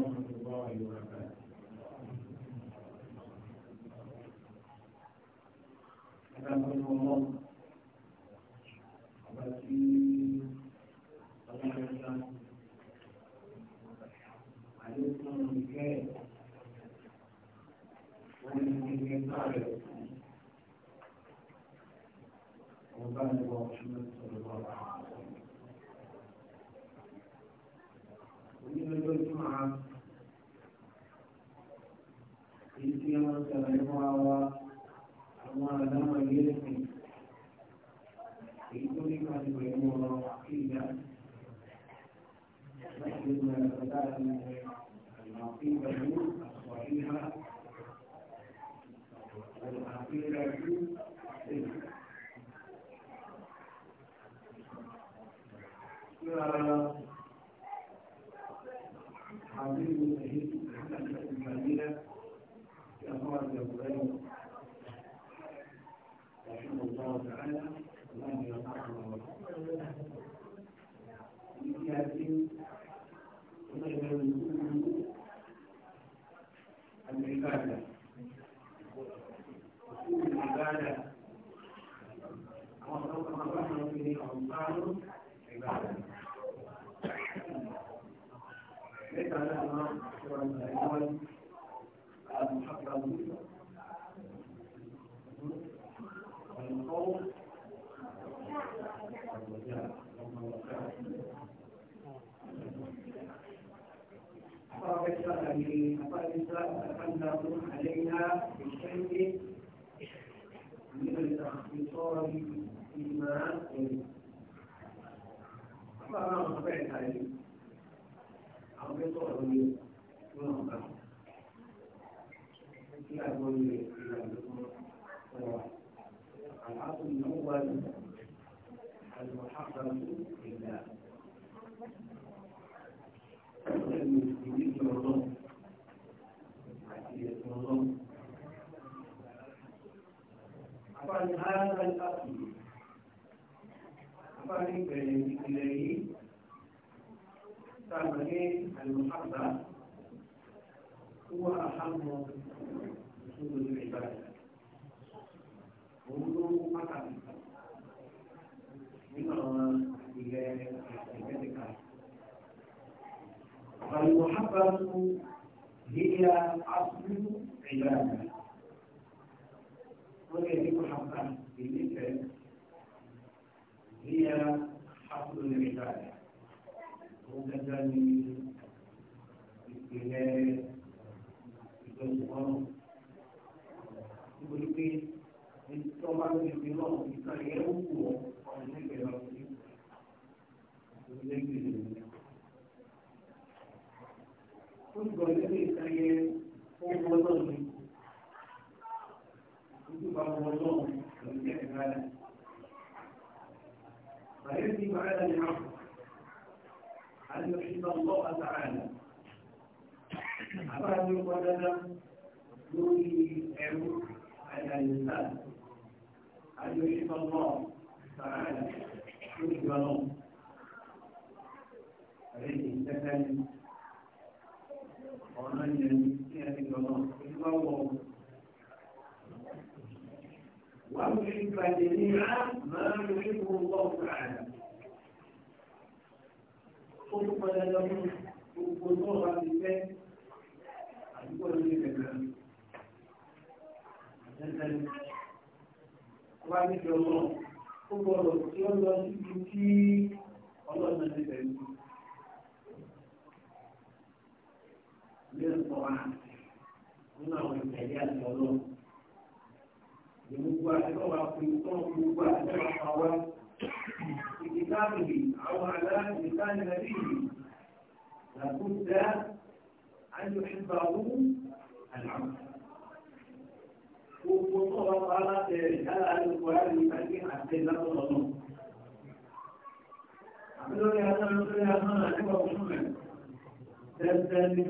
ورحمة الله وبركاته الحمد لله ń ṣàlàyé fún wa àwọn àdámọ̀ ilé ẹ̀sìn èyí tó ní pàṣẹ pẹ̀lú ọ̀rọ̀ àkíyà láti lè mọ ẹ̀rọ láti mọ àkíyà ní àṣọ àyíká àkíyà ní ẹ̀sìn. Thank you. ìmọ̀ ẹ̀yìn. Bàbá àwọn ọmọ bẹ́ẹ̀ ta yìí, àwọn bẹ́ẹ̀ sọ̀rọ̀ lórí wọn ọ̀gá. Kí àgbọ̀ yìí bá ní bẹ̀rẹ̀ ìpìlẹ̀ yìí sábà ní àlùmọ́fàgbà tó wà àhámọ́ ìṣòro ìbàdàn òun ló mú pàtàkì nínú àwọn ìpìlẹ̀ ìgbẹ́dẹ̀ka. هي حصل العبادة وكذلك الولاية الجزء ìwé pé tó bá ń gbèsè náà ìka yẹn ó wù ọ ọ̀rọ̀ nígbà lọ sí ìwé lẹ́gbẹ̀ẹ́ rẹ̀. من معاني أن يحب الله تعالى أفهم يقولنا يريد علم على الإنسان أن يحب الله تعالى يريد الله عليه السكن ومن يمسك الله إلا الله وأن يحب الجميع ما يحبه الله تعالى ó tún pẹ́ lọ́dọ́ gbogbo tó wà ti fẹ́ àdúgbò ní ilẹ̀ kan. Wá níjọ náà, ó gbọ́dọ̀ tí ó lọ síbi tí ọlọ́run ti bẹ̀rù. Ilé ẹ̀kọ́ wa nínú àwọn ìtẹ̀lé àti ọlọ́run. Ìgbogbo àti ọ̀wà fún ìtọ́ gbogbo àti ọ̀wà wa. كتابه أو على لسان نبيه لابد أن يحبه العمل وطلب على هذا القرآن الكريم حتى لا تظلموا عملوا لي الرسول يا تبدأ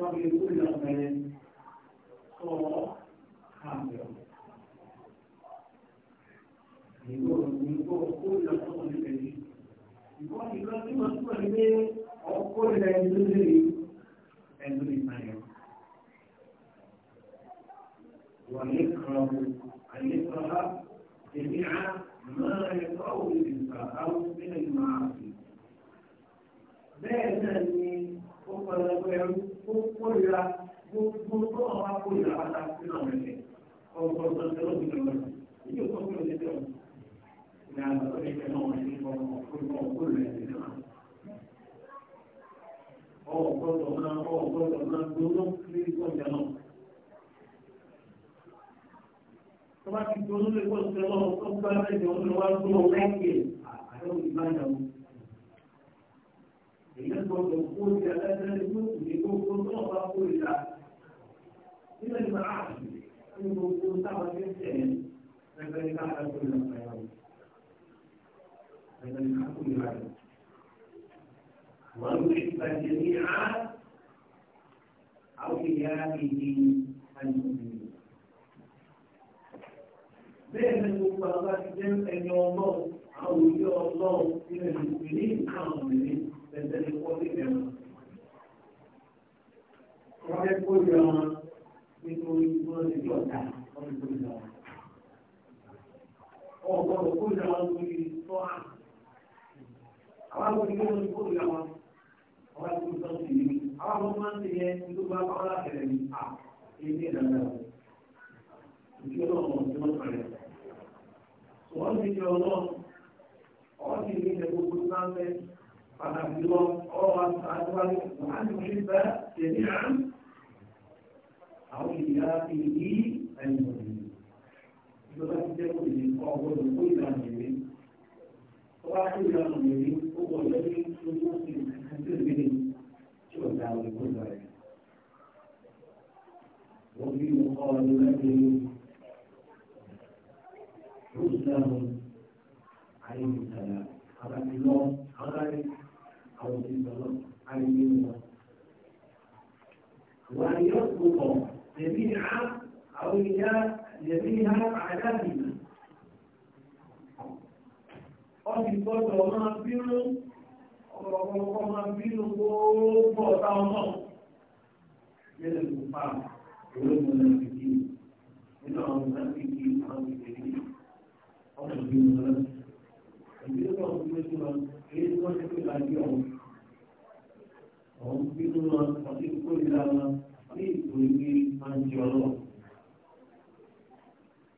يقول لك 做看表。你给我，你给我过来做那个，你光你说这么做里面，我过来你这里，在这里没有。ويكره أن يكره جميع ما يكره الإنسان أو من المعاصي. بأن أقرب أن أقرب gbogbo tó wọn bá kó ìlà bàtà sínú àwọn ẹ̀fẹ̀ ọ̀pọ̀ ọ̀sán ló ti lọ́wọ́ ìdí òkú ọ̀pọ̀ ọ̀sán tẹ̀wọ̀n ní àwọn ọ̀sán ìfẹ́ náà wọ́n ti kọ́ ọ̀pọ̀ ọ̀pọ̀ rẹ̀ ti náà. ọ̀pọ̀ ọ̀sán ọ̀pọ̀ ọ̀sán gbogbo ní ìkọ̀jà náà. tó bá ti gbogbo ní ìkọ̀jà náà tó bá lẹ́jọ́ ní wá tó wọn lẹ́kẹ̀ẹ́ àárọ̀ ìbàdàn èyí ló gbọdọ̀ kó ìyá lẹ́sẹ̀ lé إلى المعاد يقول تعالى يسأل فذلك على كل الخيرات فذلك على كل الخيرات ويحب الجميع أوليائه المؤمنين بين المطلقات جمع يوم أو يوم من المؤمنين كاملين فذلك قول الإمام ويقول يوم ọ̀gbọ́dọ̀ kó ìlà wọn lórí tó hà. Àwọn àgbọ̀dọ̀ kó ìlà kó ìlà wọn, àwọn àgbọ̀dọ̀ tó ti ní. Àwọn àgbọ̀dọ̀ máa ń ti yẹ ló bá bá ọlá ní à ilé ìdáná. Ìdí ọlọ́run ti wọ́n pẹ̀lẹ̀. Wọ́n ti jẹ ọlọ́run, ọ̀rọ̀ ti ní ilẹ̀ gbogbo sáńfẹ́. Pàtàkì lọ, ọ̀rọ̀ wa sàájú wa ní wàá bẹ́ẹ̀ tẹ̀lé Àwọn ìyá ti anybody ìjọba ti jẹ́ kó lè kọ́ kó ìlànà ìwé ọba tó ìlànà ìwé ó gbọ́dọ̀ ní owó sí àti ìwé tí ó dá àwọn ìgbọ́dọ̀ rẹ̀. wọ́n bí mo kọ́ ọ lọ́dẹ rúùsùlámù ayélujára alábìlọ́ alárí àwọn ìgbọ́dọ̀ ayélujára. wàá yọ ọ̀pọ̀ ẹ̀mí àá. أو إلى جميع عذابنا ọdí gbọ́dọ̀ máa bínú ọ̀pọ̀lọpọ̀ máa bínú gbogbo ọ̀tá ọmọ nílẹ̀ ìgbòpá olóògùn náà fi kí nínú àwọn ọ̀gá fi kí àwọn ìgbèrè ọmọ bínú náà ìgbèrè náà fi kí wọn èyí tí wọ́n ti fi bínú náà ọdí kórìíra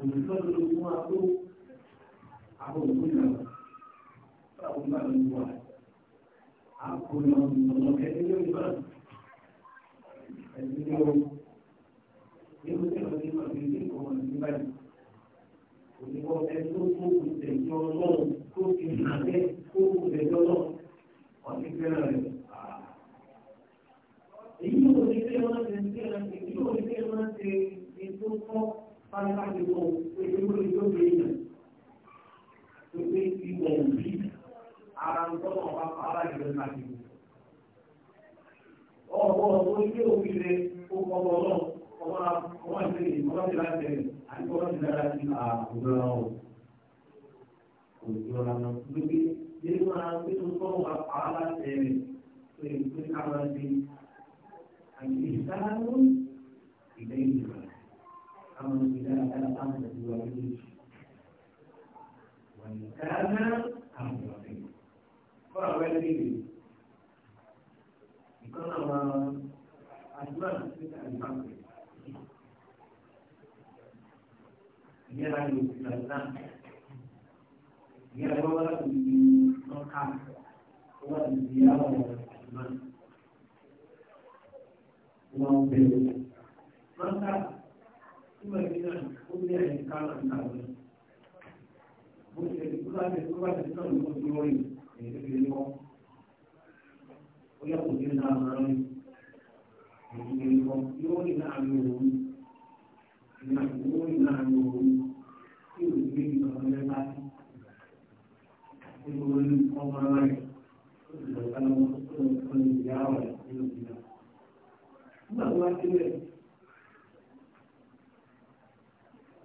òmìnira ló fún wa tó àwọn òmìnira fún àwọn ìgbà ló wà àkóyọ ọmọ ẹni ló ń bá ẹni ló yóò tẹ ọ ní màmí ní ọmọ ní báyìí òmìnira ẹni tó kó ìtẹ̀jọ́ ọlọ́run tó fi hàlẹ́ kó ìtẹ̀jọ́ ọlọ́run ọtí fẹ́ràn rẹ̀. èyí ò ní fẹ́ máa ń ṣe ní ìlànà èyí ò ní fẹ́ máa ń ṣe ètò fún fáwọn láti kọ pé kúrò tó gbé yàn tó gbé ìwọ̀ òbí ara ń tọ́ ọba ara ìrẹ́ láti kọ. ọ̀pọ̀ ọ̀pọ̀ ilé òbí rẹ̀ ó kọ́ ọ lọ ọmọ ọmọ ìṣẹ̀lẹ̀ ìmọ̀lá ti láti rẹ̀ àti ọmọ ti lára ti àbúrò náà o. kò sí ọ̀la náà tó gbé عمل بذلك على قامة الوالدين واليتامى المضافين فهو الذي يكون أسماء مثل الفقر يرى يستثنى يرى ولد من مقام ولد زيارة الأسماء وهو مقام Mẹ́rìnà ó ní ẹ̀yìn kánà ìtàwọn. Bó ṣe tó bá ti tó bá ti tó ní ẹ̀yìn tó fi lọ́wọ́. Ó yẹ kò ní náà máa ń ẹ̀yìn tó lọ́wọ́. Yóò ní náà ní òun. Ìgbà tí ní náà ní òun. Tí ò ní ní ọ̀rọ̀ mẹ́ta. Ó ní orí ọmọ rẹ̀. Ó sì lọ́ọ́ kánà ó ní ìyá rẹ̀ Nígbà tó wá sílẹ̀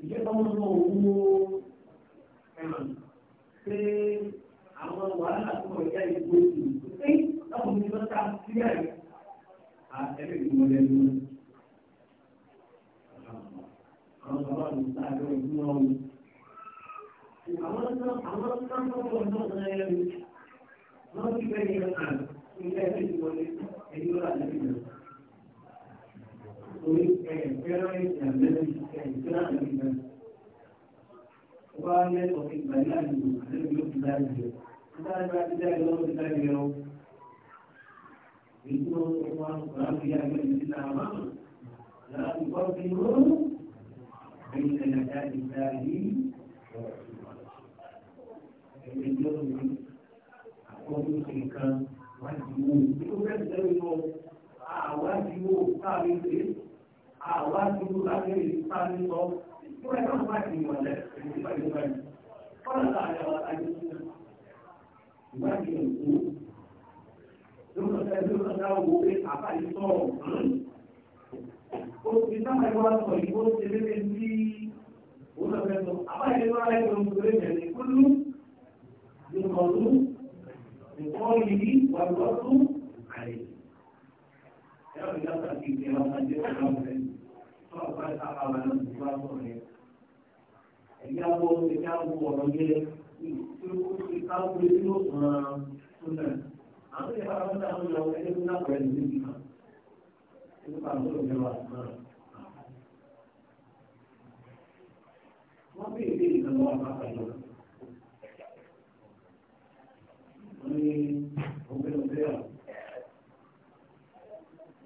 ìjẹ́ tọ́mọ́ owó ẹ̀rùn àwọn wàhálà tó wọ̀ ẹ̀yà ìgbó sí i pé láwọn mi lọ́ta sílẹ̀ àtẹ̀lé ìgbìmọ̀ lẹ́nu. àwọn bàbá mi sá àjọ ìgbìmọ̀ ọ̀hún. àwọn àwọn náà tó wọ̀ náà náà yẹ lọ sí bẹ́ẹ̀ yẹn kàn ní ẹgbẹ́ ìgbìmọ̀ lẹ́nu ẹ̀yìn lọ́la lẹ́nu orí ẹ̀ẹ́dẹ́rẹ́ ìdàgbẹ́rẹ́ ìdàgbẹ́rẹ́ ìdàgbẹ́rẹ́ wá lẹ́tọ̀ọ́ ìgbà náà ní ìlú yóò fi dárí rẹ̀. Dáadáa ti dárí lọ́wọ́ ti dárí rẹ̀ o. Èyí tó wá láti yá ẹgbẹ́ mi síta àmọ́ láti kọ́ sí ó. Èyí tẹ̀lé dárí dárí. Ẹgbẹ́ tí ó ní àkọ́kọ́ ṣe nǹkan wájú wò. Bí fẹ́ tẹ̀lé lọ, àwájú wò àwa dúró láti rí sáré lọ fún ẹ̀rọ máa ti wọlé ìgbàlódé fọ́nà láàrin àwọn àjọ ìwádìí òkú lórí ọ̀sẹ̀ lórí ọ̀sẹ̀ owó pé àbá yìí sọ̀rọ̀ ó ti sábà ìwà sọ yìí ó ti léle sí olùfẹ́ sọ àbá yìí lọ́wọ́ láì lọ́wọ́ nítorí ìbẹ̀rẹ̀ kúlú ìkọ̀lú ìkọ́lì wàlúwàlú àlè. Ẹ̀rọ ìdáta ti ọlọ́pàá ìsàkà ọ̀rọ̀ yẹ tí ó ti ká wọlé tó nà. àwọn ìyá wọn náà ń lọ ẹni tó náà pẹ̀lú níbi kan. ẹni tó àwọn olùdíje wà náà. wọ́n bí èdè ìdánwò àpapọ̀ yọ. wọ́n ní ọgbẹ́ ọgbẹ́ àwọn.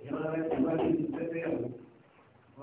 ìyá wọn rẹ̀ ti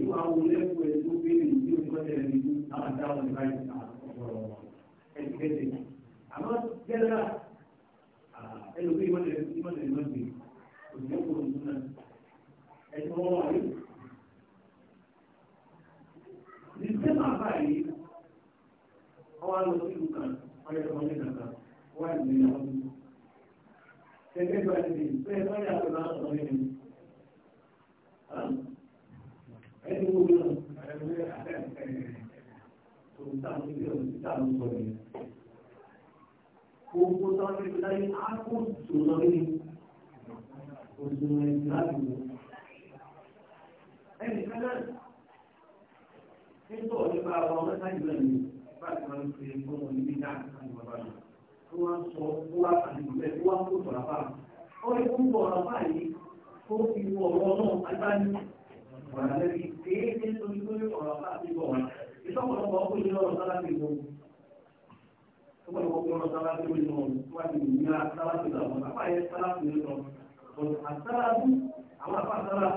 ìwà wo lẹ́kọ̀ọ́ ẹ̀ tó béèrè ìdí òkúrẹ́ ẹ̀rí náà dáwọn ìbáyìí ọ̀rọ̀ ẹ̀dẹ́gbẹ̀dẹ̀. àmọ́ jẹ́lá ẹlòmí ìmọ̀lẹ̀ ìmọ̀lẹ̀ ìmọ̀lẹ̀ òṣìṣẹ́kọ̀ òṣìṣẹ́ ẹ̀tọ́ wọn wáyé. ní sẹ́mà báyìí ọwọ́ lọ sí ìlú kan ọyẹ ọmọdé kankan wọ́n á ìgbéyàwó ọdún. ṣẹ́gbẹ́ bá ti dé bẹ́ẹ̀ bá yà ẹni tó ń tà ní ilé láyé á lọ rí òṣùwọ̀n ẹ̀sìn láti wọ̀. Ẹnì kan náà nígbà bá wọn mẹ́ta ìlú ẹ̀mí bá ti máa ń fi fún wọn níbi náà láti bàbá rẹ̀. Ó wá ń sọ ó wá àti ìgbẹ́ ó wá ń kó tọ̀ lápá. Ó yẹ kó ń bọ̀ lápá yìí kó fi wọ̀ ọ̀rọ̀ náà Orang lagi tiada tujuh orang tak tiba. Kita orang bawa pun orang salah tiba. Kita orang bawa orang salah tiba ni orang. Tuan ni mila salah tiba. Apa yang salah tiba orang? Kalau salah tu, apa apa salah?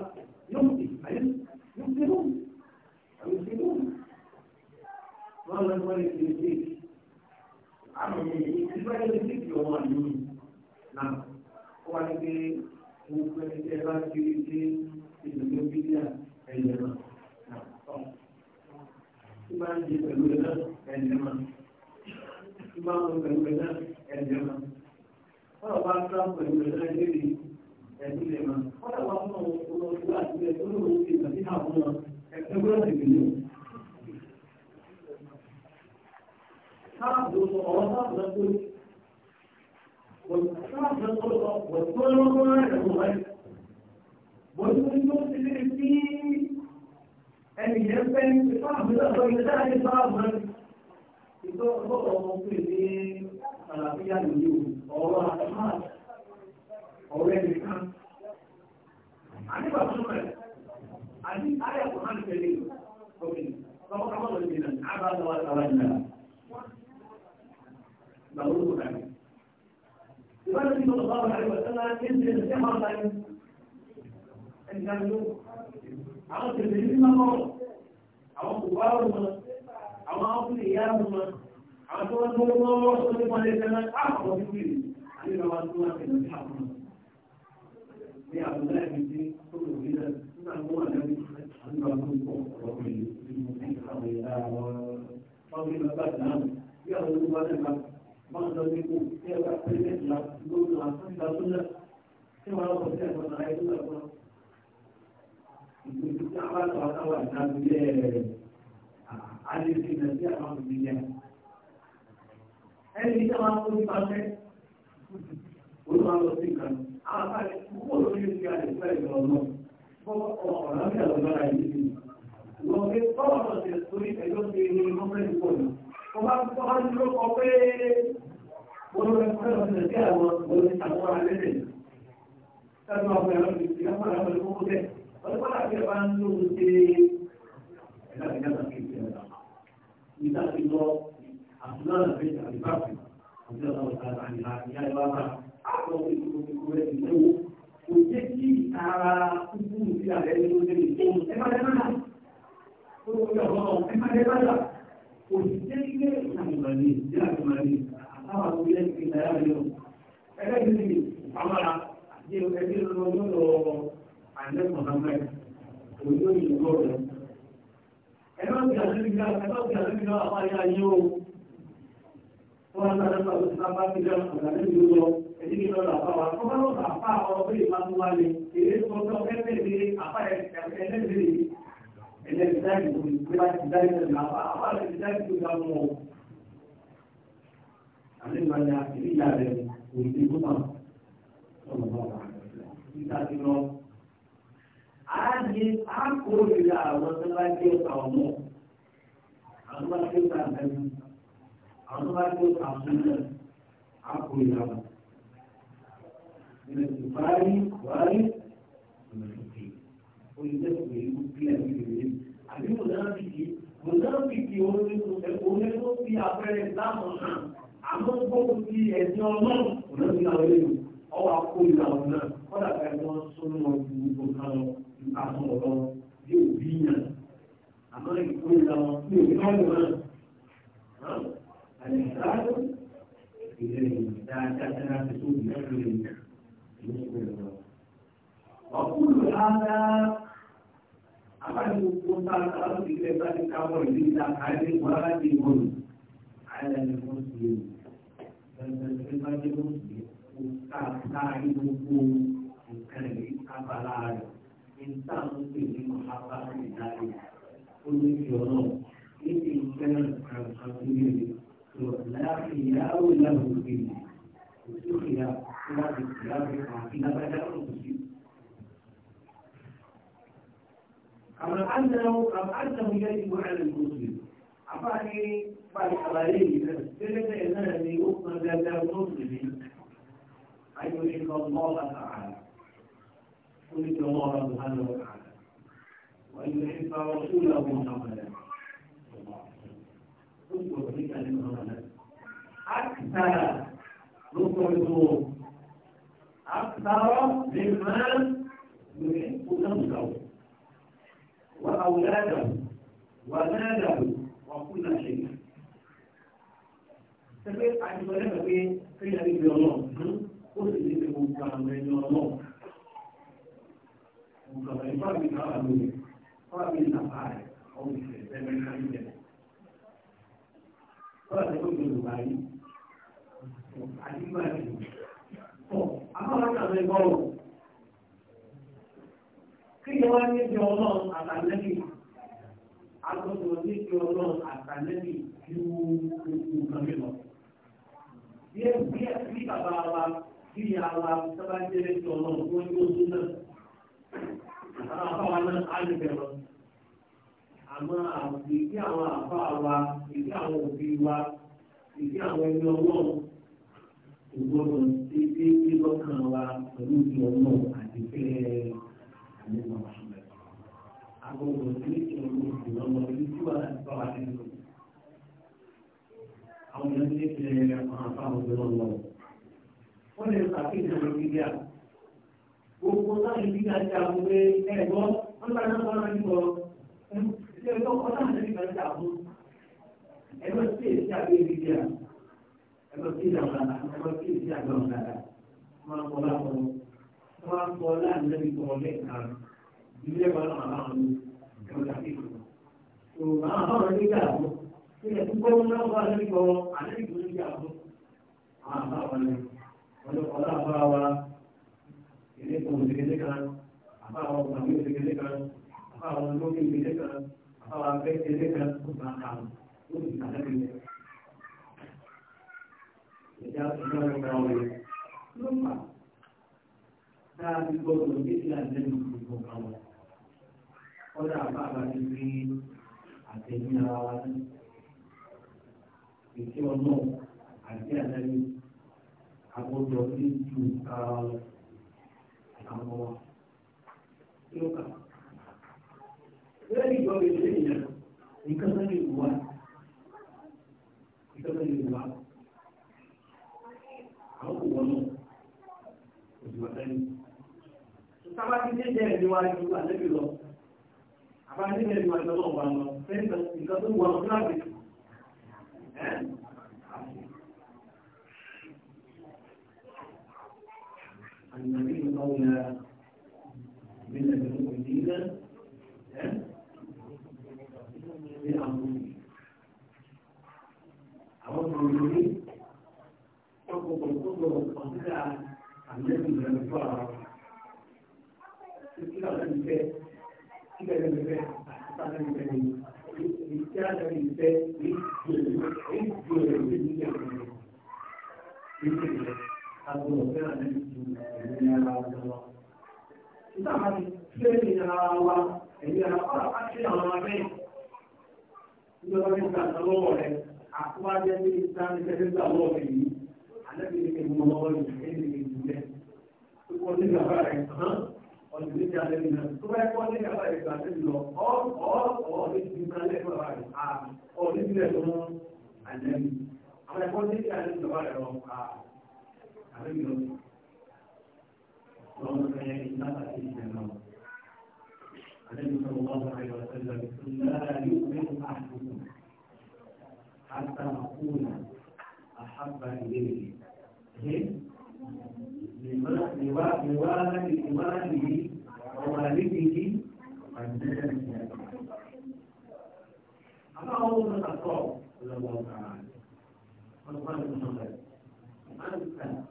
Yumti, ayat yumti tu, yumti tu. Orang lagi mana yumti? Aku ni, kita ni yumti orang ni. Nah, orang ni, bukan kita lagi yumti. Ìdùnnú bíi náà ẹ̀yẹ̀ tí máa ń di pẹ̀lú ẹ̀ náà tí máa ń wọ pẹ̀lú ẹ̀ náà ẹ̀yẹ̀ mọ́ wọ́n bá ń tán pẹ̀lú ẹ̀ náà ẹ̀yẹ̀ rí ẹ̀yẹ̀ lè mọ́ wọ́n bá fún àwọn olóògbé àti ẹ̀kọ́ olóògbé àti àwọn ẹgbẹ́ ìgbìmọ̀ sáàbù ọ̀rọ̀ sáàbù lọ́pọ̀ والمنزل اللي فيه أن يبين صاحب الأرض يدعي صاحبا يطلق موقفه àlàáfíà nìyí o ọ̀rọ̀ àtàmà ọ̀rọ̀ ẹni kan. Àníbà fún rẹ̀, àní ayé àkùnrin àti tẹ̀lé òkè lọ́wọ́kọ́wọ́ lọ sí náà, àbá lọ́wọ́ àtàrà ìlà. Gbàgbọ́ ló kọ̀ dàbí. Ìbáraẹni tó lọ bá wà láyé wà sẹ́lá, kí n ṣe ṣe máa ń láyé. ẹnìkan àwọn tèmi mọ́mọ́ àwọn kò bá wọn mọ́ àwọn ọkùnrin ìyá wọn mọ́ àwọn tó wọn tó wọn mọ́ mọ́ tó wọn lẹ́nu náà máa ìgbésí tí a bá tọ́ àtàwọn àtàbílẹ̀ àdéhùn àti àwọn òbílẹ̀. ẹni tí a máa ń fojú pàṣẹ olúwa lọ sí ìkan àwọn púpọ̀ lórí ìlú àdéhùn ẹ̀rọ náà fọ́ ọ̀rọ̀ ní àlọ́gbára yìí lọ pé bọ́ọ̀ lọ sí torí ẹjọ́ ti ní kọ́ńtẹ́ẹ̀tì pọ̀ ní. wọ́n bá tọ́ ọ́ dúró kọ pé wọ́n lọ fẹ́ lọ sí àwọn àwọn alẹ́lẹ̀. Tẹ́lẹ̀ ọmọ ẹ̀rọ ti Ọ̀dọ́gbọ́n àti ẹ̀bá ń lò ó ṣe ẹ̀dá ìdá ìdá ìdá ìdá ìdá ti lọ àtúnlá àti àdìbáfì àti ọ̀dọ́ ọ̀tá àdìbá ìyá ìwà bá àtọ́ ìdúró kíkó rẹ̀ ìdúró. Kò jẹ́ kí ara kúkú sí àrẹ ní ó lè tó ẹ má lẹ́ máa. Ó ló kọjá ọ̀rọ̀ ẹ má lẹ́ máa. Kò sì jẹ́ kí ẹ àtìmọ̀ ní ìdí àtìmọ̀ ní àtàwọn àkúrẹ́ ìpínlẹ̀ ayọ̀. Ẹgbẹ́ ìdílé ìpamọ́ra àti ẹgbẹ́ ìlú ọlọ́rọ̀ àlẹ́ Mohammed olóyè ìgbọ́ rẹ̀. Ẹ̀rọ ti àlẹ́bíkà ẹ̀rọ ti àlẹ́bíkà àwọn ayé ayé o. Wọ́n á sáré pàtó sí sábà ti dá ọ̀gáde ìlú lọ. Èyí ni lọ́dọ̀ àpá wa. Wọ́n bá lọ́dọ̀ àpá ọ̀rọ̀ pé ìmá tó wálé. Èyí tó tọ́ ẹlẹ́dẹ̀ẹ́ àpá ẹlẹ́dẹ̀ẹ́ ẹlẹ́dẹ̀ẹ́ ìgbò ìgbé láti dá ìtẹ̀lẹ̀ àpá àpá ẹlẹ́dẹ̀ẹ́ ìgbò ìgbà mọ́ ọ. Àlẹ́ ìgbàlẹ̀ àti ìyá rẹ̀ kò ní ìgbó náà. Sọ̀rọ̀ náà wà. Ìgbà ti lọ á ní àwọn tó bá jẹ́ ọ̀tà ọ̀mọ́ àwọn bá jẹ́ ọ̀tà ìdájú àwọn bá jẹ́ ọ̀tà ìdájú á kó ìrìn àwọn. wáyé ìrìn òkè oníṣẹ́ òkè ìlú kílẹ̀ nílùú àbí mo náà fi kí fi àpẹẹrẹ ìdáàmú náà àmọ́ gbogbo ti ẹ̀sìn ọlọ́run kò náà fi ọwọ́ àkóyè àwọn kọ́dà ká ẹni wọ́n gbogbo kan lọ nípa sọ̀rọ̀ yóò bí yàn àmọ́ ìkó ìlà wọn tí ò káwọn náà àlẹ́ ìdájọ́ ìrẹ̀ dáadáa láti tó ìdájọ́ rẹ̀ ní ìpínlẹ̀ wọn. ọ̀pọ̀lù ara abájú gbogbo ń bá aláwọ̀ ìgbẹ́ bá ti káwọ́ ìlú ìta àárẹ̀ wọn láti ìwọ̀n àyà ni wọ́n ti lè gbẹgbẹgbẹ bá dé wọ́n ti lè kó káàkiri gbogbo nǹkan ìlú abala rẹ̀. ìtàn pè ní mọ̀hábà ìdáre ó ní fi ọ̀nà níbi ìfẹ́ràn kankan tó yẹ lè tó láàfin ìyáwó ìyáwó òbí mi kò sí ìyá tó bá ti ìyá fi hàn kí lábẹ́dá kò sí. كما أنه كما أنه يجب على المسلم أفاني بعد حواليه فلذا أنني أقصد ذات المسلم أن يشرك الله تعالى وذكر الله سبحانه وتعالى وأن يحب رسوله محمدا اذكر بك لمحمد أكثر نخرج أكثر ممن يحب نفسه وأولاده وماله وكل شيء Tapi ada banyak في kena dibilang, khusus di tempat kami Because if Bí bàbá wa, bí ìyá wa, sábà jẹ́ ti ọlọ́run tó ń gbóòdú náà àwọn afáwa náà á lè bẹ̀rọ̀ àmọ́ ìdí àwọn afáwa wa ìdí àwọn òbí wa ìdí àwọn ẹni ọlọ́run kò gbọdọ̀ ṣe déédéé lọ́kàn wa pẹ̀lú ìdí ọlọ́run àti fẹ́ àwọn ọmọ ṣùgbọ́n agbọ̀dọ̀ sí ìṣòro ìlọ́mọ ìlú tí wà láti bá wa nínú. àwọn ènìyàn ti ṣe àwọn afáwa ọ̀gbẹ́ lọ́wọ́ wọ́n lè ṣàkíyèsí ìdí àwọn gbogbo láti bí àti àwùjọ ẹ̀gbọ́n wọn bá náà wọn ní bọ̀ ṣé ẹ̀gbọ́n kan náà ní bá ti àwùjọ ẹ̀gbọ́n sí èsì àbí èdè jẹ́ ẹ̀gbọ́n sí ìjà ọ̀la ẹ̀gbọ́n sí èsì àgbà ọ̀la wọn kọ́ láwọn wọn kọ́ láàrin lẹ́bi kọ́ lẹ́ka ìdílé wọn náà máa ń lò ẹ̀gbọ́n tàbí ìfọ̀ tó máa bá wọn nígbà àbọ̀ ṣé ẹ̀kú kọ́ wọn náà wà lẹ́bi kọ́ àlẹ́ ìgbòho nípa òṣèlú kan àbáwọn ọmọ àbí òṣèlú kan àbáwọn olókè ìgbésẹ̀ kan àbáwọn abẹ́kẹ̀lẹ́ kan tó bá kà ó ó sì kà lẹ́kẹ̀lẹ́. ìjà ìjọba ìgbà wọlé ló fà tá a ti gbọdọ̀ ní ìlànà ìlú gbogbo kan wọn. kọ́dà àbá àbájú rí àtẹ̀yìn ara wa ní ìṣe ọlọ́ọ̀ àti àdáyé àgbọ̀dọ̀ ní ju ara wa lọ àwọn ọmọ wa kí ló kà lẹ́yìn ìjọba ìlú ènìyàn nǹkan tó lè wà nǹkan tó lè wà àwọn kò wọ́n náà òjò àtẹ́ni. sábà ti dé jẹ́ ẹ̀mí wa àlẹ́bí lọ àbá ní ẹ̀mí wa ju ọlọ́ọ̀bà lọ fẹ́ẹ́ nǹkan tó wà ọdún àgbẹ̀. Àyìnbá المولى من المؤمنين بأمره àwọn ọmọ mi ní ọkọ̀ gbogbo ọ̀gá àmẹ́rin ìrìn fún ara títí àwọn ìfẹ́ tí bẹ̀rẹ̀ bẹ̀rẹ̀ àti sáré bẹ̀rẹ̀ ní tí a lè rí ìfẹ́ ní ìgbèrè ní ìgbèrè ní ìyàwó rẹ̀ ní ìgbèrè agbọ̀rọ̀ fẹ́ràn lẹ́yìn tó ẹ̀yìn ara wa. Ìgbà máa ti fẹ́ ẹ̀yìn ara wa, ẹ̀yìn ara wa á ṣe àwọn abẹ́yìn. Ìjọba ní ìgbà tó lọ́wọ́ rẹ̀, àkúwá jẹ́ bí kí mo lọ́wọ́ yìí, ẹ̀yìn ni النبي صلى الله عليه وسلم لا يؤمن احدكم حتى اكون احب اليه لوالد والده ووالده عندنا أما هو من الله تعالى عنه فقال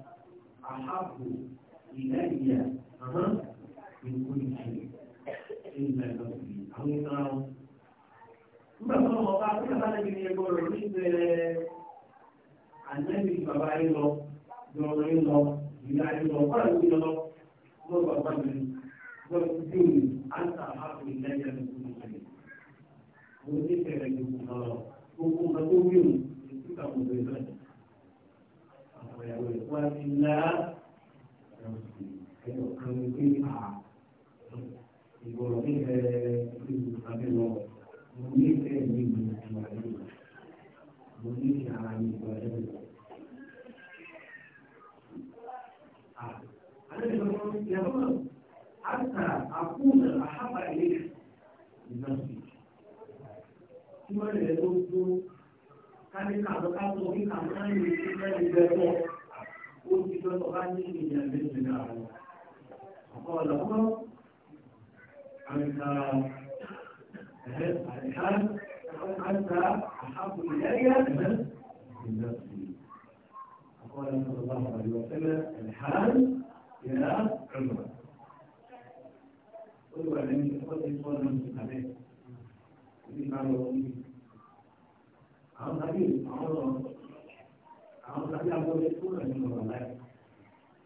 àhábò ìlẹ́yìn àhán ìkú ìṣe ìlú ẹ̀dọ́ àwọn ìta wọn. nígbà tó lọ́wọ́ bá tí bàbá lẹ́bi ní ẹgbẹ́ rẹ̀ ní ìgbẹ́ àjẹ́bí bàbá yìí lọ lọ́rọ̀ yìí lọ ìyá yìí lọ kọ́ ẹ̀kú yìí lọ lọ́wọ́ bàbá mi lọ́wọ́ tí ó ní àǹtà àhábò ìlẹ́yìn ìkú ìṣe. mo ní kẹrẹ ìgbìmọ̀ lọ gbogbo nǹkan tó wí ẹ̀rọ ìwà ti ná ẹ̀rọ kan gbé à ìgbọ̀rọ̀ ní ẹ̀ ìlú abẹ́ lọ mo ní ìfẹ́ mi ní ìwà rẹ̀ mo ní ìfẹ́ ara mi ìwà rẹ̀ lọ. يظن حتى أكون أحب إليك من نفسي ثم يقول كان يقعد قاعد وهي كان يقعد تتغني من فقال عمر أنت الحال أنت أحب إلي من نفسي فقال صلى الله عليه وسلم الحال يا عمر قلوا أنني أقول صلى الله عليه وسلم àwọn tàbí àwọn àwọn tàbí àwọn ọmọdé tó rẹ̀ nínú ọ̀la yìí.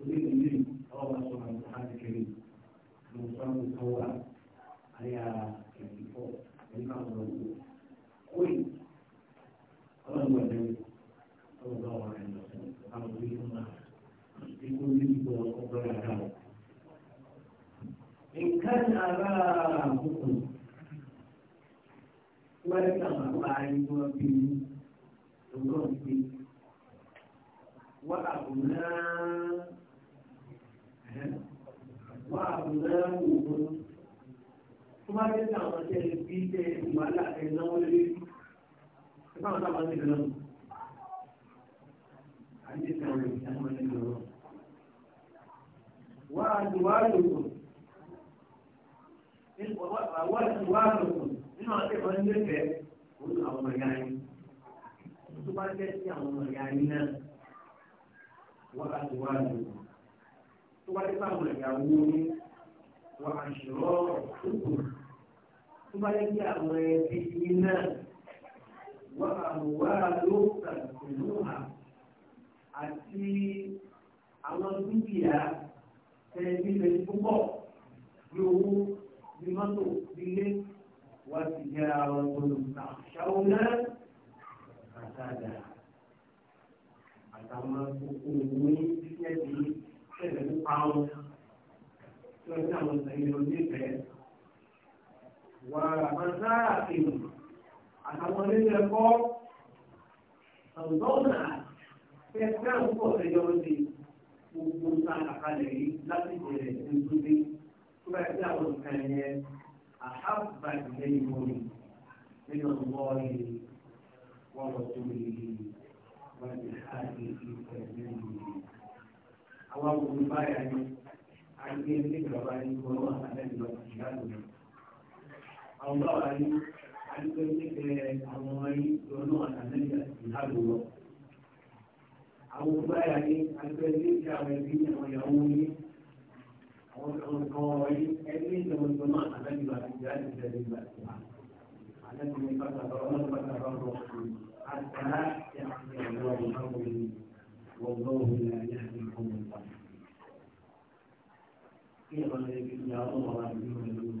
ولكن لي الله سبحانه وتعالى كريم لو صاروا سوا عليها يعني فوق يعني بعض الوقوف قوي الله هو النبي صلى الله عليه وسلم قال لي الله يقول لي بوصف على إن كان آباؤكم ولك الله عليكم به وقومكم وأبناؤكم wà á bù náà wò ó. tó bá dé sáwọn ọ̀sẹ̀ lè fi tẹ ìwàlá ẹ̀ náwó lé ẹ bá wọn sábà ń tẹ̀lé náà. àyè sáwọn ọ̀sẹ̀ lè fi tẹ̀lé náà. wà á bù wá lò ó. wà á bù wá lò ó. nínú àti ìwà tó bá dé sáwọn ìyàwó ní wọn àṣìrọ òkú kí àwọn ẹbí yìí náà wọn àwòwá ló kàlùkùnú hà àti àwọn dúkìá ẹbí lè púpọ̀ bí bí mọ́tò bí lé. àtàwọn ilé ẹ̀kọ́ àwùjọ fẹ́ fẹ́ púpọ̀ sẹ́jọ́ lóde gbogbo nǹkan àkàlẹ̀ yìí láti bẹ̀rẹ̀ nítorí tó bá yẹ àwọn nǹkan yẹn àhábà ìlẹ̀ ìmọ̀ni nínú ọ̀gbọ́ yìí wọ́n lọ tó yìí wọ́n ti ká ní ìfẹ́ nínú yìí. àwọn òkú báyà ni àgbẹ̀ nígbà bá ní kọ́ ọ́n àtàlẹ́ ìlọ́ọ̀tì láti àwọn báwa ni. àdúgbò nífẹ̀ẹ́ àwọn ìjọ náà àtàlẹ́yìn àti ìhàlù lọ. àwọn gbáyà ní àdúgbò nífẹ̀ẹ́ àwọn ẹbí ní àwọn ìyàwó ní àwọn ọ̀kan wọ̀nyí ẹbí ní àwọn ìjọ náà àtàlẹ́yìn àti ìhàlù ìjẹ́lẹ̀ ìgbà tí wà. àtàlẹ́yìn ní pàtàkì ọlọ́run pàtàkì ọ̀rọ̀ àtàlá ìhàlù ìjọ náà والله لا يهدي القوم الظالمين. في غير الله وعلى الله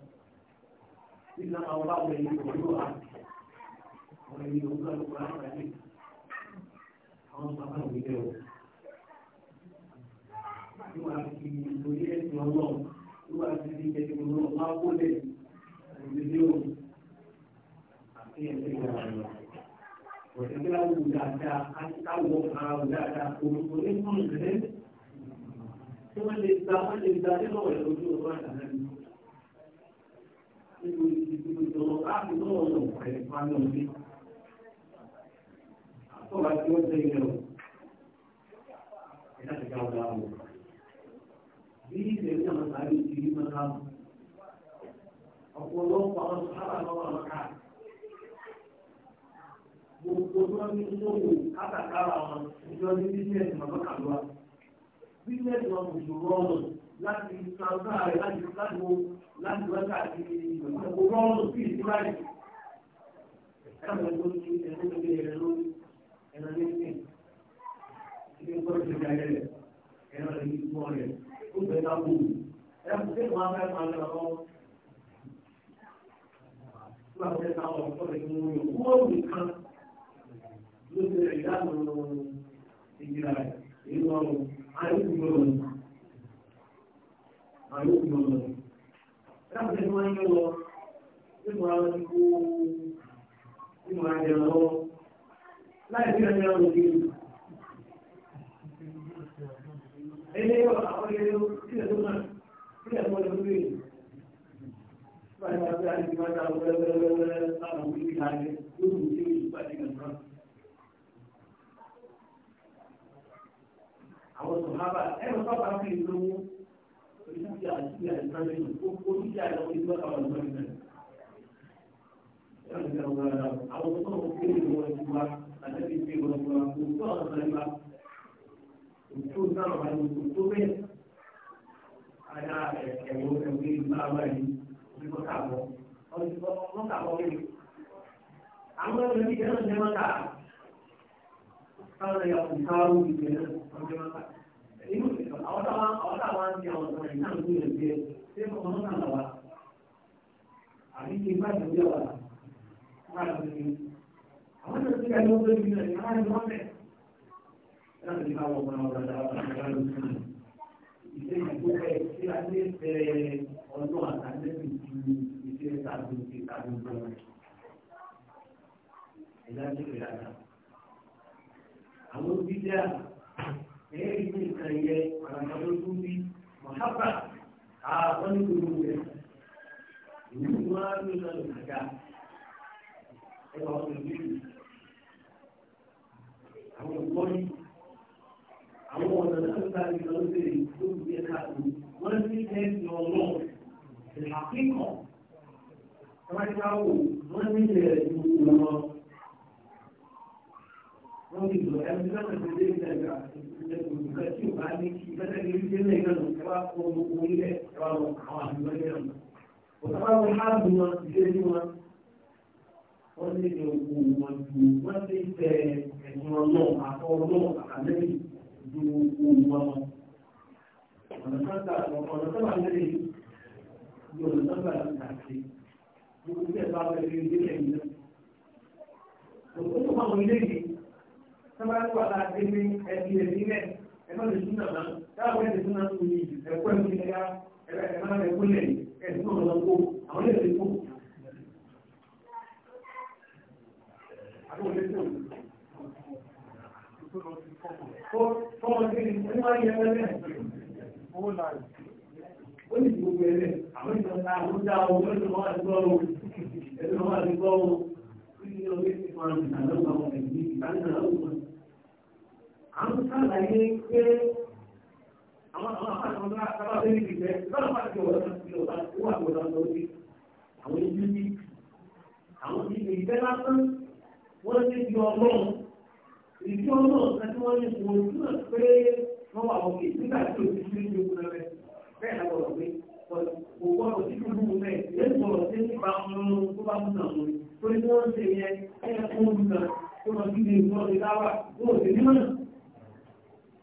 إلا أوضاع بين الوضوء وبين الوضوء القرآن عليك أوضاع بينه Ìwà ti lórí ẹ̀sìn ọlọ́run, ìwà ti di ẹ̀sìn ọlọ́run máa kó lè ìdílé òun àti ẹ̀sìn ìgbà rẹ̀. Òṣèlú àwọn òdàdà àti káwọ̀ ara òdàdà orúkọ ní fún ìdílé. Tí wọ́n lè gba wọ́n lè gba nínú ọ̀rẹ́ ojú ọ̀rọ̀ àtàlẹ́ nínú ìdíjọ́ láti lọ́wọ́ lọ́wọ́ àìfà náà bí. Àtọ́wà tí ó jẹ́ ilẹ̀ o, ẹ̀dá ti ká ọ̀dà o. Bí ilẹ̀ ní àwọn sáré ti rí máa ọ̀pọ̀lọpọ̀ àwọn sábà lọ́wọ́ àwọn ká. Gbogbo ní kátàkárà wọn, ìjọ ní láti transfer rẹ̀ láti láti wo láti wákà àti ìgbàgbọ́ rọ́ọ̀lù sí ìdúrà yìí. Ẹ̀rọ ẹ̀rọ ní ẹ̀rọ ní ẹ̀rọ lórí ẹ̀rọ ní ẹ̀sìn. Ilé ẹ̀kọ́ ìṣẹ̀lẹ̀ ayẹ rẹ̀ ẹ̀rọ rẹ̀ ní ìgbọ́ rẹ̀ ó bẹ̀rẹ̀ ká wò. Ẹ̀rọ ṣé wọ́n á fẹ́ máa lọ lọ? Nígbà tó ẹ̀ka wọn ọ̀pọ̀ rẹ̀ ní wọ́n yóò wọ́n nìkan ló ti rẹ̀ ìdáàbò ìdíra rẹ̀ èyí lọ́rùn àìkú lọ́rùn àwọn yóò fi wọn Láti ṣe máa ń yọ lọ, bí mo ra lọ sí lọ, láì sí ẹni ọ̀rọ̀ sí i. Ilé àwọn ilé sílẹ̀ tó máa tó lọ sí i. Báyìí máa fi àti máa ta wẹ́rẹ́wẹ́rẹ́wẹ́rẹ́ láwọn òbí sí ìlú dúkìá dúkìá ìfẹ́lẹ́ yìí gbogbo dúkìá ìlọ ìgbà àwọn ìgbà ìgbà àwọn tó ń gbé ìwọ ìwà àtẹ́bí gbé ìwọ ìwà kò tó àwọn ọ̀sán ìwà kò tó sáà wà ní kò tó bẹ́ẹ̀ àyà ẹ̀wọ̀ ẹ̀wọ̀ ìgbà wà yìí ní kọ́tà bọ̀ ọ̀nà bọ̀ kí àwọn ẹgbẹ́ mi jẹ́rán jẹ́ mọ́ta táwọn ẹ̀yà kò sáà wù mí jẹ́rán jẹ́ mọ́ta inú àwọn táwọn àwọn táwọn èyí ti ní nǹkan yẹ àlàmà ló tún bí mọ̀hábà àwọn onígbòrò rẹ̀ ìlú wọn á ní lọ́nà àga ẹ̀ka ọ̀sẹ̀ méjì àwọn olùkọ́ yìí àwọn ọ̀nà náà ta ní lọ́nà bèrè tó ń gbé káàkiri wọ́n ti tẹ́ ti ọlọ́ ìlàkíkọ̀ tọ́lájáwò wọ́n ní ilẹ̀ ìlú wọn wọ́n ti lọ ẹni lọ́nà tó dé ìlẹ̀ ìlú àti ìlú nǹkan tí ò bá ní kí ìfẹ́sẹ̀ ní oríṣi ilé náà ẹ wá kó gbogbo orílẹ̀ ẹ wá lọ àwọn àdúgbò ilé náà. Òtọ́wá wọn á bu wọn wọn. Wọ́n lè ní oko wọn ju wọ́n lè tẹ ẹ̀sùn ọlọ́run àtọ́ ọlọ́run àtàlẹ́yìn ju oko wọn Ọ̀nà sábà ọ̀nà sábà lẹ́yìn ní ọ̀nà sábà sábà ní wàhálà àti ní ẹbí ń yẹ ní gbogbo ẹ̀rẹ́ ọmọ ẹ̀sùn náà à àwọn àwọn àpàtàn náà sábà fẹ́ níbi ìfẹ́ ìbára wà ní ọ̀rọ̀ náà ti ọ̀rọ̀ tó wà lọ́dọ̀ lórí àwọn ibi ní àwọn ibi ìfẹ́ lásán wọ́n ti di ọlọ́run ìdí ọlọ́run kan tí wọ́n ní kò túnà pé wọ́n wà òkè nígbà tí òkè sí ní okùn rẹ̀ bẹ́ẹ̀ náà wọ̀ pé kò gbọ́dọ̀ sí ìlú rẹ̀ lẹ́yìn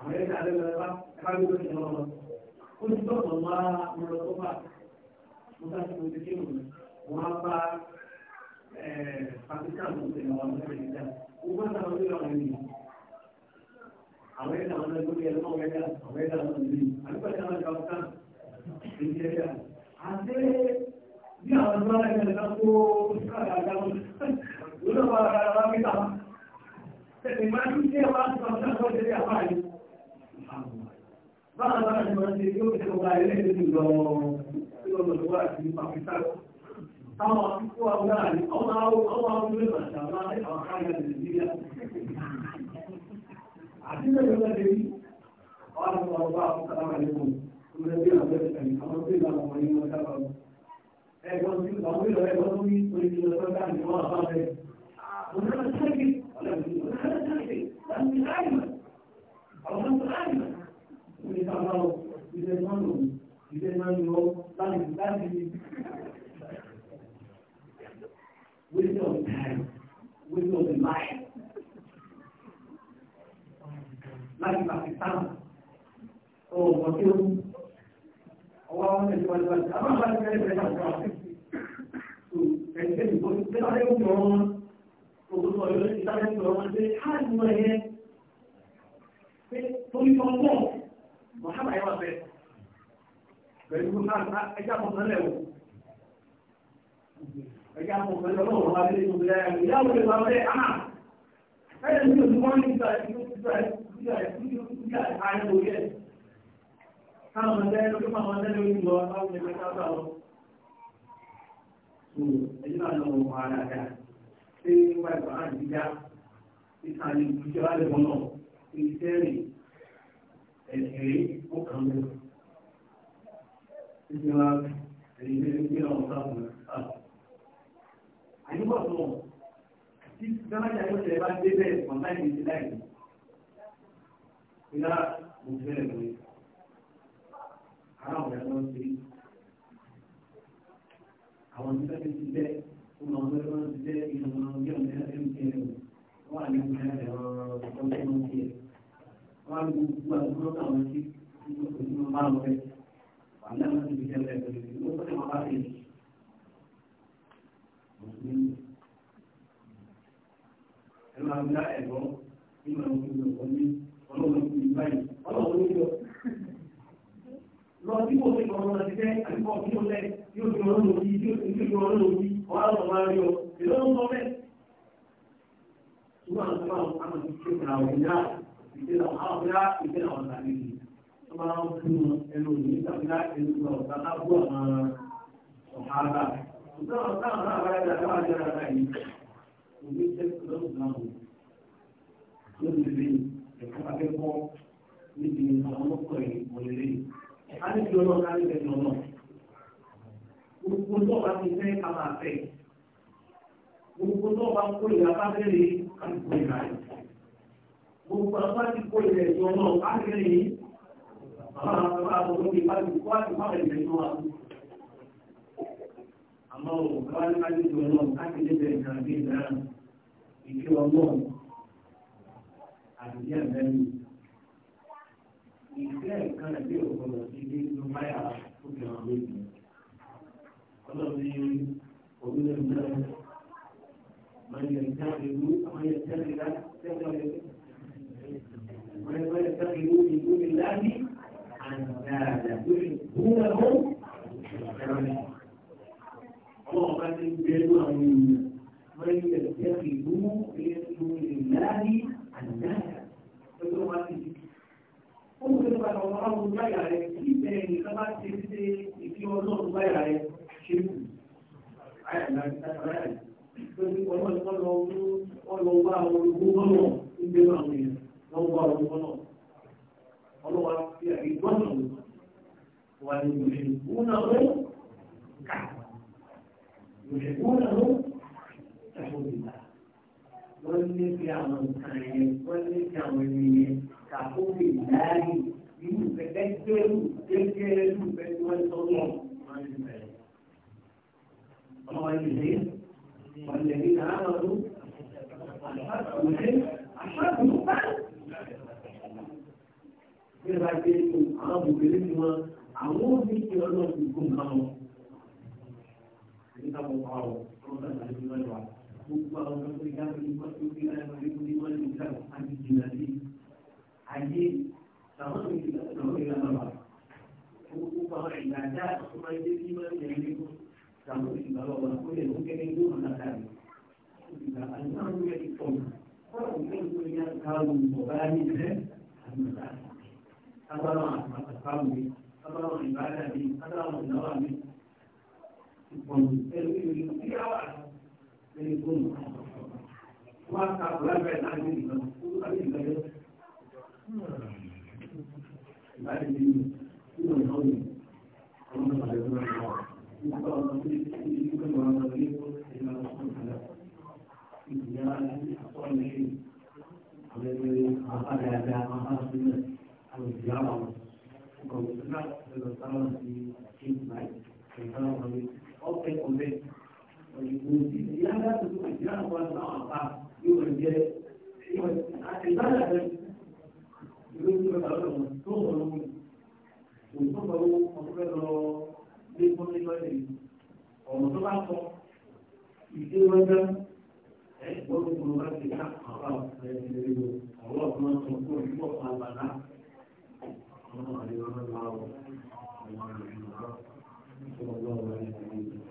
Amẹ́ríkà lẹ́nu ẹ̀fá kárí ló ti lọ́wọ́. Ó ti tọ̀tọ̀ wá mo lọ tó bá mo bá ti mo ti kí mo wọ́n á bá Pakistan ló ti lọ́wọ́ ní Nàìjíríà. Ó bá sábà lórí ọ̀rọ̀ ẹ̀yìn. Amẹ́ríkà wọn lọ́wọ́ ẹ̀rọ Amẹ́ríkà Amẹ́ríkà lọ́wọ́ ẹ̀yìn. Àbíkọ́ ti àwọn Pakistan Nàìjíríà. Àti bí àwọn ọmọ ẹgbẹ́ ẹ̀ka kó káàkiri àwọn olùkọ́ àwọn ará wa fi ta. Tẹ̀sí máa ń ṣe wá sọ̀tún àkọ́jọ́ Bákan náà ni wọ́n ti yóò fi ọba ilé ìlú lọ sí olùdókòwò àti Pakistan. Táwọn akíkó ní ọmọ àwọn ọmọdé màtà máa ń àwọn káyà Nàìjíríà. Àti ilé ìlú lọ́dẹ yìí, ọ̀rọ̀ àwọn ọba àkọ́kọ́ àwọn ẹ̀kọ́ ìwé bí àwọn ẹ̀kọ́ ìwé àwọn ọmọdé ìlànà wọn ni wọ́n dábàá. Ẹ̀gbọ́n tí àwọn ìlọ ẹ̀gbọ́n tó ní oríṣi lọ́sọ́ dáàbò ọ̀nà kùránì ó lè ká lọ́wọ́ ìdè máa ń lò ìdè máa ń lọ láti láti waste of time waste of life láti Pakistan ọ̀pọ̀ tí ó ọwọ́ wọn tẹ̀sí wájú wájú àwọn torí ọgbọ́n wàhálà yẹn wà bẹ́ẹ̀ pẹ̀lú náà ẹja kọ̀ọ̀kan lẹ̀ wò ẹja kọ̀ọ̀kan lẹ̀ ọlọ́run wà lé ìlú rẹ̀ ìyá òde wà lé àná ẹ̀yẹ ní oṣù wọn ní ìgbà ìgbà ìgbà ìgbà ayé lórí ẹ̀ káwọn ọmọdé lórí máa wọn lẹ́nu ìlú lọ káwọn ọmọdé káwọn lọ. ẹ̀yin náà lọ́wọ́ wọn ara dá ṣé wáyé wọn á dìjà ìkànnì ìjọba lè wọn náà kìrìtẹ́rì ẹ̀sìrí ó kàn mọ́ títí wá ẹ̀yìn lé ní àwọn sáfù àyíkọ̀ tó tí dámájà yóò tẹ̀ bá dé bẹ́ẹ̀ pọ̀ láì ní ti láì ní ìlà mo fẹ́ ẹ̀rọ yìí aláwọ̀ ẹ̀rọ ń ṣe àwọn ìgbésẹ̀ ti ti bẹ́ẹ̀ ó máa ń bẹ́ẹ̀ wọ́n ti bẹ́ẹ̀ ìlànà bí ọ̀nà ẹ̀rọ ń ṣe ẹ̀rọ wọ́n á ní ìgbésẹ̀ ẹ̀rọ ọ̀rọ̀ ọ̀rọ̀ ọ̀rọ̀ ọ̀rọ̀ wọ́n á gbogbo àdúgbò táwọn sí ìgbésí wọn bá lọ bẹ́ẹ̀. àmì àwọn ti fi jẹ́ bẹ́ẹ̀ pẹ̀lú ìgbésí wọn bá bá bẹ́ẹ̀. ẹ máa ń dá ẹ̀gbọ́n nínú àwọn olùdókòwò ní ọlọ́run kù ní báyìí ọlọ́run ní yọ. lọ sí kò sí ọmọ ti fẹ́ àdúgbò kí ó lẹ yóò fi ọlọ́run òbí yóò fi ọlọ́run òbí ọ̀hún àwọn ọmọ rẹ̀ yọ ìlọ́run sọ bẹ́ẹ̀. ṣùgbọ́n àwọn ọmọ àwọn ti ṣe ìdílé àbúrá ìdílé àwọn àlejò tó máa ń fún ẹnu òní tàbílá ẹnu lọ tàbá bú àwọn ọ̀hárá. Òtún àwọn táwọn náà bá yára táwọn ajá ara yìí kò ní jẹ́ lọ́wọ́ náà wò. Lórí ilé ẹ̀ka akẹ́kọ̀ọ́ níbi àwọn ọkọ̀ ìwọ̀n ilé. A ní ìjọ náà láti tẹ̀lé ọ̀nà. Gbogbo náà wá ti fẹ́ ká máa fẹ́. Gbogbo náà wá kó ìyá bá fẹ́ rí ká gbogbo àwọn láti kó ilẹ̀ ìjọ náà láàrin ní àwọn àwọn àwọn ìpàdé kó láti má rẹ̀ ìjọ náà àmọ́ òkúwá ní láti ìjọ náà láti lébẹ̀ ìjàmbí náà ìjọ náà àti díẹ̀ mẹ́rin ìfẹ́ ẹ̀kan ẹ̀bí òkúrò sí ilé ìjọ máyà tó fi hàn méjì ọlọ́run ní orílẹ̀-èdè náà máa ń yẹ lú àwọn yẹ ìjáde láti ويتخذوا من دون الله أندادا يحبونهم الله قد يجعلوا من ويتخذوا من دون الله أندادا Fún ìjọba àwọn ọmọ báyà rẹ̀, kí bẹ́ẹ̀ ni ká bá ti ṣe ìfẹ́ ọlọ́run báyà rẹ̀ ṣe kù. Àyàlá ti dára rẹ̀. Lórí ọlọ́run ọlọ́run ọlọ́run wá olùgbò ọlọ́run ń gbé àwọn èèyàn lọ́wọ́ ọdún náà ọlọ́wọ́ fi àìgbọ́nà wà ní ìrìnkúnà ló kà ìrìnkúnà ló ẹ̀fọ́ ìgbà wọ́n ní fi àwọn nǹkan yẹn wọ́n ní fi àwọn ènìyàn kàkó lè láàyè nínú pẹ̀lẹ́ gbẹ́rù gbẹ́gbẹ́rù pẹ̀lú wọn sọ́wọ́ wọn ní bẹ̀rẹ̀. ọmọ ìdílé wọn lè ní àárọ̀ ló àṣàkùnrin àṣàkùnrin báyìí bí ẹ bá dé ikú àwọn obìnrin ni wọn àwọn òbí ti ọlọ́run ti gún náà wọn. nígbà wọn pa ọ wọn bá tàbí wọn lọ gbogbo àwọn ọmọ ìyá mi ni wọn tó gbé láyé wọn ní kúndé wọn lè gbà wọn ti jìnnà sí ayé làwọn ìlànà wà gbogbo àwọn ìlànà tó máa dé sí máa ń yẹ ilé kún làwọn ìlànà kó lè mú ní ìlú yẹn ká lù bọ̀ bá yẹn fẹ́ àmì sábàmà àtàkàmì sábàmà ìbádàbí sábàmà ìnáwàmí ìpọ̀nù ẹ̀rọ ìlú ìyáwà lórí fóònù wọn ká ọlábẹ̀ láti ìgbà tó láti ìgbà yẹn ìbádàbí nínú ìnáwó yẹn ọmọ ìbàdàn tó ń bọ̀ nípa ọ̀nà tó ti ti ti ti kọ́ ọ̀nà tó ń bọ̀ ìlànà tó ń bọ̀ ìdíyàwó àti àkọọ́lẹ̀ àwọn ẹgbẹ́ àwọn àgbàdàgbà àwọn àgbàdàgbà alùpùpù gọ̀ọ̀gbọ̀nà lọ sáwọn sí kíkì báyìí ẹ̀ka wọn ni ọ̀pẹ ọ̀bẹ òyìnbó ti di yára tuntun nàìjíríà wọn náà àpá yóò jẹ ìbára rẹ ìlú tí wọn kàwé wọn tó wọn lọ wọn tó wọn lọ wọn fẹ́ lọ صلى الله عليه وسلم